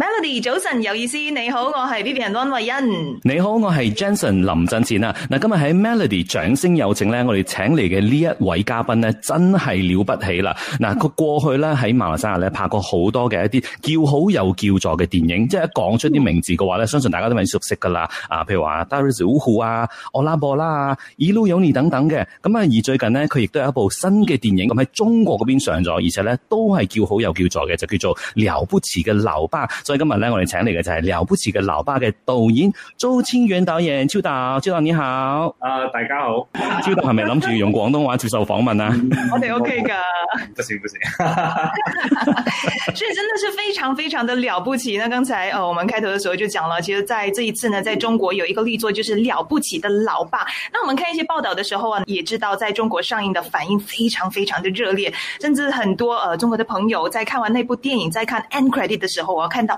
Melody，早晨有意思，你好，我係 Vivian 溫慧欣。你好，我係 Jenson 林振前啊。嗱，今日喺 Melody 掌聲有請咧，我哋請嚟嘅呢一位嘉賓咧，真係了不起啦。嗱，佢過去咧喺馬來西亞咧拍過好多嘅一啲叫好又叫座嘅電影，即係一講出啲名字嘅話咧，相信大家都係熟悉噶啦。啊，譬如話大日子 Woohoo 啊 Ola Bola 啊，一路有你等等嘅。咁啊，而最近咧，佢亦都有一部新嘅電影咁喺中國嗰邊上咗，而且咧都係叫好又叫座嘅，就叫做了不起嘅老爸》。所以今日咧，我哋請嚟嘅就係《了不起嘅老爸》嘅導演周青元導演，超導，超導你好。Uh, 大家好。超導係咪諗住用廣東話接受訪問啊 ？OK，OK、okay, okay 噶的。 不行，不行。所以，真的是非常非常的了不起。那剛才，呃我們開頭嘅時候就講啦，其實在這一次呢，在中國有一個力作，就是《了不起的老爸》。那我們看一些報道嘅時候啊，也知道在中國上映的反應非常非常的熱烈，甚至很多呃中國嘅朋友在看完那部電影，在看 end credit 嘅時候，啊，我看到。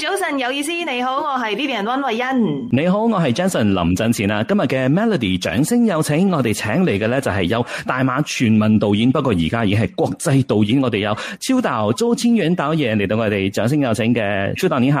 早晨有意思，你好，我係 Lillian 溫慧欣。你好，我是 Jason 林振前啊。今日的 Melody 掌聲有請，我們請來的就是有大馬全民導演，不過現在已經是國際導演。我們有超導周青元導演來到我們掌聲有請的超導，你好。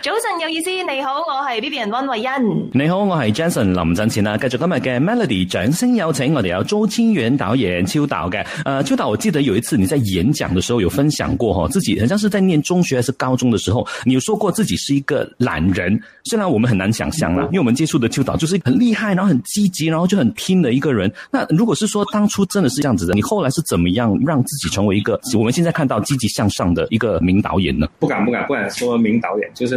早晨有意思，你好，我係 B B 人溫慧欣。你好，我是 Jason 林振前啊。繼續今日嘅 Melody 掌聲有請，我哋有周青元導演秋導嘅、呃。秋導，我記得有一次你在演講的時候有分享過，哈，自己好像是在念中學還是高中的時候，你有說過自己是一個懶人。雖然我們很難想象啦，因為我們接觸的秋導就是很厲害，然後很積極，然後就很拼的一個人。那如果是說當初真的是這樣子的，你後來是怎麼樣讓自己成為一個我們現在看到積極向上的一個名導演呢？不敢不敢不敢說名導演，就是。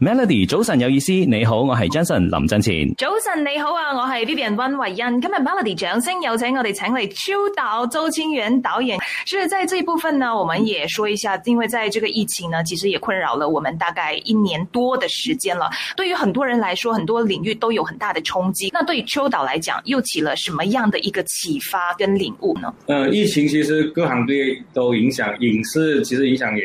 Melody，早晨有意思，你好，我係 j a s o 林振前。早晨你好啊，我是 Vivian B 人溫維恩。今日 Melody 掌聲有請我哋請嚟秋導周清源導演。所以，在這一部分呢，我們也說一下，因為在這個疫情呢，其實也困擾了我們大概一年多的時間了。對於很多人來說，很多領域都有很大的衝擊。那對於秋導來講，又起了什麼樣的一個啟發跟領悟呢？嗯、呃，疫情其實各行各都影響，影視其實影響也。